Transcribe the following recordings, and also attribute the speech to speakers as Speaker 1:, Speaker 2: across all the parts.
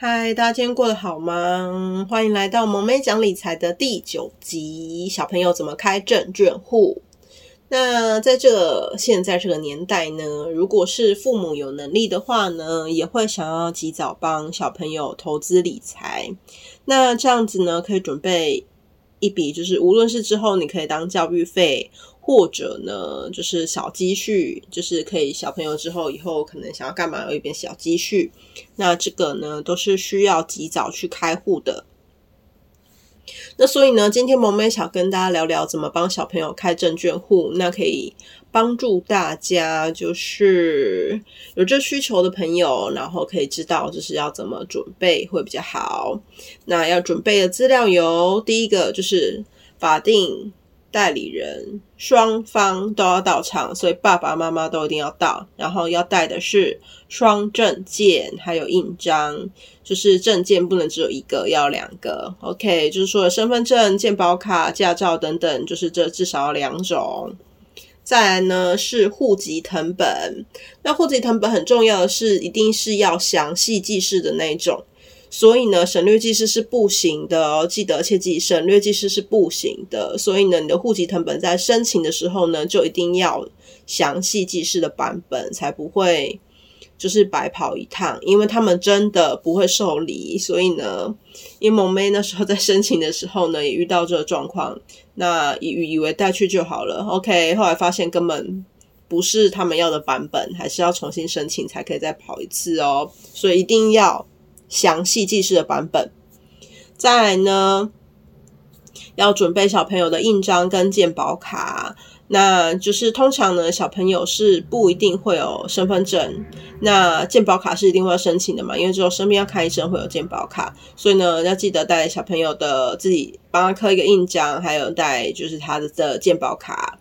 Speaker 1: 嗨，Hi, 大家今天過得好嗎？歡迎來到萌咩講理財的第九集。小朋友怎麼開證券戶？那在這個、現在這個年代呢，如果是父母有能力的話呢，也會想要及早幫小朋友投資理財。那這樣子呢，可以準備。一筆就是，無論是之後你可以當教育費，或者呢，就是小積蓄，就是可以小朋友之後以後可能想要幹嘛，有一點小積蓄。那這個呢，都是需要及早去開戶的。那所以呢，今天萌咩想跟大家聊聊怎麼幫小朋友開證券戶，那可以。幫助大家，就是有這需求的朋友，然後可以知道就是要怎麼準備會比較好。那要準備的資料有第一個就是法定代理人雙方都要到場，所以爸爸媽媽都一定要到。然後要帶的是雙證件還有印章，就是證件不能只有一個，要兩個。OK，就是說身份證、健保卡、駕照等等，就是這至少要兩種。再來呢是戶籍謄本，那戶籍謄本很重要的是，一定是要詳細記事的那種，所以呢，省略記事是不行的，哦，記得切記，省略記事是不行的。所以呢，你的戶籍謄本在申請的時候呢，就一定要詳細記事的版本，才不會。就是白跑一趟，因為他們真的不會受理，所以呢，因為萌咩那時候在申請的時候呢，也遇到這個狀況，那以以為帶去就好了，OK，後來發現根本不是他們要的版本，還是要重新申請才可以再跑一次哦，所以一定要詳細記事的版本。再來呢，要準備小朋友的印章跟健保卡。那就是通常呢，小朋友是不一定會有身份證，那健保卡是一定會要申請的嘛，因為只有生病要看醫生，會有健保卡，所以呢要記得帶小朋友的自己幫他刻一個印章，還有帶就是他的健保卡。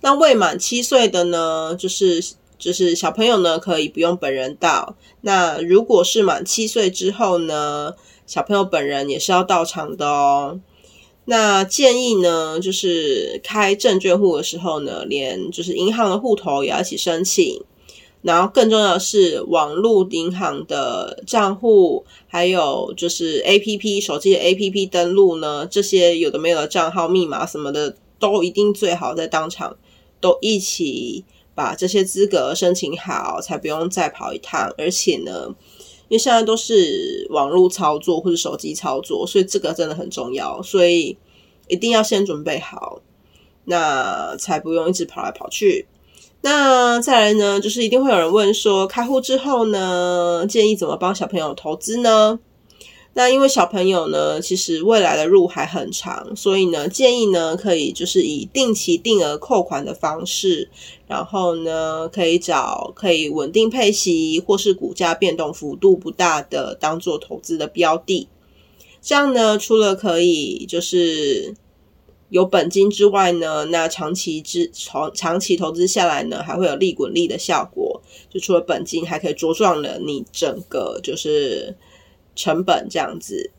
Speaker 1: 那未滿七歲的呢，就是就是小朋友呢可以不用本人到，那如果是滿七歲之後呢，小朋友本人也是要到場的哦。那建議呢，就是開證券戶的時候呢，連就是銀行的戶頭也要一起申請。然後更重要的是，網路銀行的賬戶，還有就是 APP 手機的 APP 登錄呢，這些有的沒有的賬號密碼什麼的，都一定最好在當場都一起把這些資格申請好，才不用再跑一趟。而且呢。因為現在都是網絡操作，或是手機操作，所以這個真的很重要，所以一定要先準備好，那才不用一直跑來跑去。那再來呢，就是一定會有人問說，開戶之後呢，建議怎麼幫小朋友投資呢？那因為小朋友呢，其實未來的路還很長，所以呢，建議呢可以就是以定期定額扣款的方式，然後呢可以找可以穩定配息或是股價變動幅度不大的當做投資的標的。這樣呢，除了可以就是有本金之外呢，那長期之長長期投資下來呢，還會有利滾利的效果，就除了本金還可以茁壯了你整個就是。成本這樣子，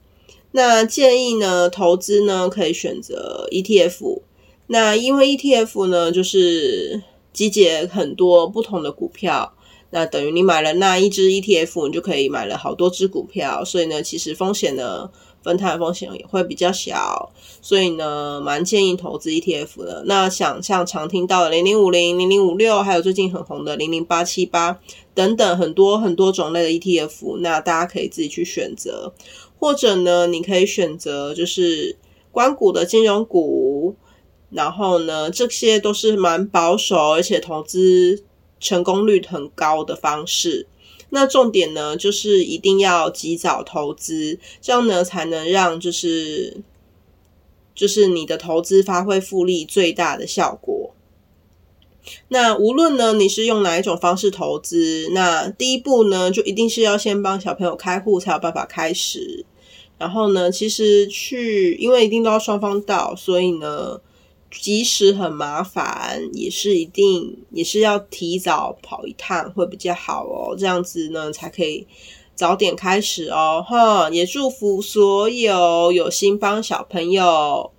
Speaker 1: 那建議呢，投資呢，可以選擇 ETF。那因為 ETF 呢，就是集結很多不同的股票，那等於你買了那一隻 ETF，你就可以買了好多隻股票，所以呢，其實風險呢，分攤的風險也會比較小，所以呢，蠻建議投資 ETF 的。那想像常聽到的零零五零、零零五六，還有最近很紅的零零八七八等等，很多很多種類的 ETF，那大家可以自己去選擇，或者呢，你可以選擇就是官股的金融股，然後呢，這些都是蠻保守，而且投資成功率很高的方式。那重點呢，就是一定要及早投資，這樣呢才能讓就是就是你的投資發揮複利最大的效果。那無論呢你是用哪一種方式投資，那第一步呢就一定是要先幫小朋友開戶才有辦法開始。然後呢，其實去因為一定都要雙方到，所以呢。即使很麻煩，也是一定也是要提早跑一趟會比較好哦，這樣子呢才可以早點開始哦，哈！也祝福所有有心幫小朋友、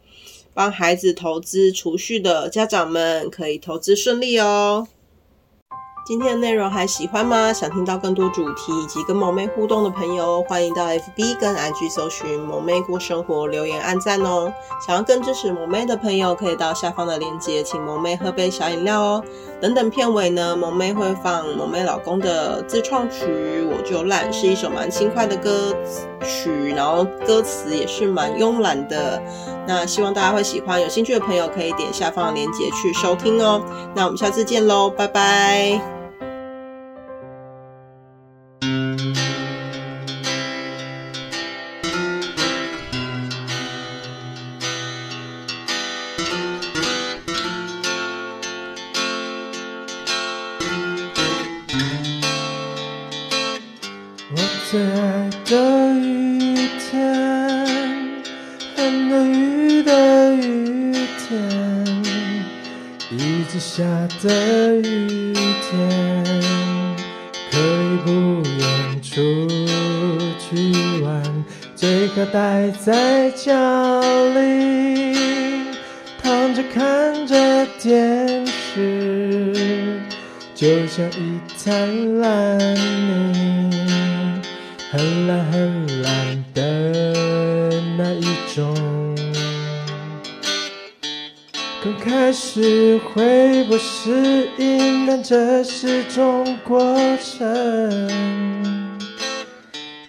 Speaker 1: 幫孩子投資儲蓄的家長們，可以投資順利哦。今天的內容還喜歡嗎？想聽到更多主題以及跟萌咩互動的朋友，歡迎到 FB 跟 IG 搜尋“萌咩過生活”，留言按讚哦。想要更支持萌咩的朋友，可以到下方的鏈接，請萌咩喝杯小飲料哦。等等片尾呢，萌咩會放萌咩老公的自創曲《我就懶》，是一首蠻輕快的歌曲，然後歌詞也是蠻慵懶的。那希望大家會喜歡，有興趣的朋友可以點下方的鏈接去收聽哦。那我們下次見嘍，拜拜。
Speaker 2: 最愛的雨天，很多雨的雨天，一直下的雨天，可以不用出去玩，最好待在家裡，躺着看着電視，就像一灘爛泥。懶的那一種，剛開始會不適應，但這是種過程，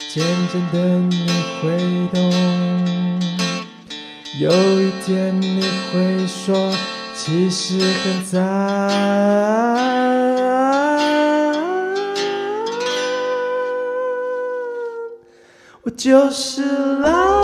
Speaker 2: 漸漸的你會懂，有一天你會說，其實很雜就是啦。